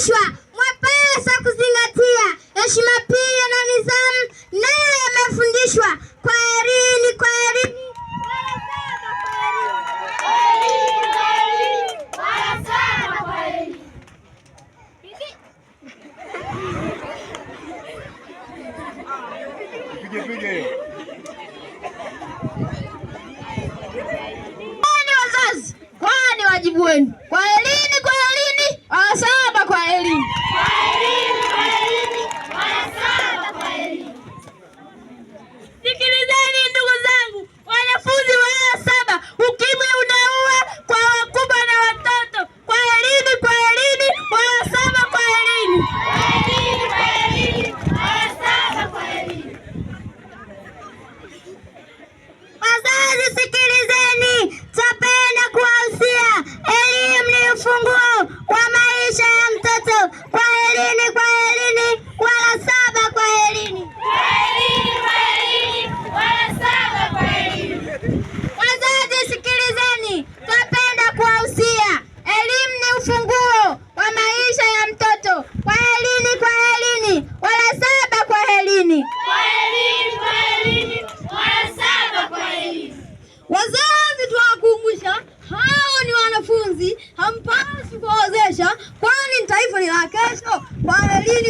kuwajibishwa, mwapasa kuzingatia heshima pia na nidhamu nayo yamefundishwa. kwa kwa Kwaherini, kwaherini. Wazazi, kwani wajibu wenu. kwa elimu ele ufunguo wa maisha ya mtoto. Kwa helini, kwa helini, wala saba kwa helini. Wazazi tuwakumbusha, hao ni wanafunzi, hampaswi kuwawezesha, kwani taifa ni la kesho. Kwa helini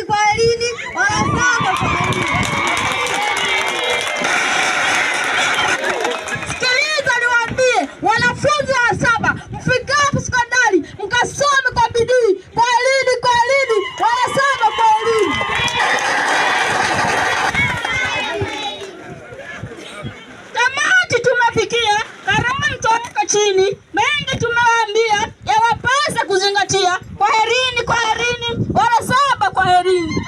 chini, mengi tumewaambia, yawapasa kuzingatia. Kwaherini, kwaherini, wala saba, kwa herini.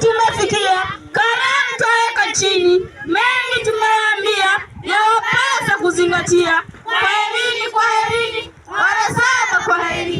tumefikia herini, kwa chini, mengi yawapasa kuzingatia. wala saba, herini.